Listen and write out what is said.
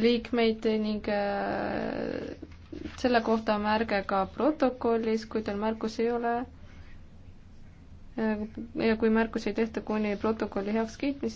liikmeid ning äh, selle kohta märge ka protokollis, kui teil märkusi ei ole äh, ja kui märkusi ei tehta kuni protokolli heakskiitmiseni,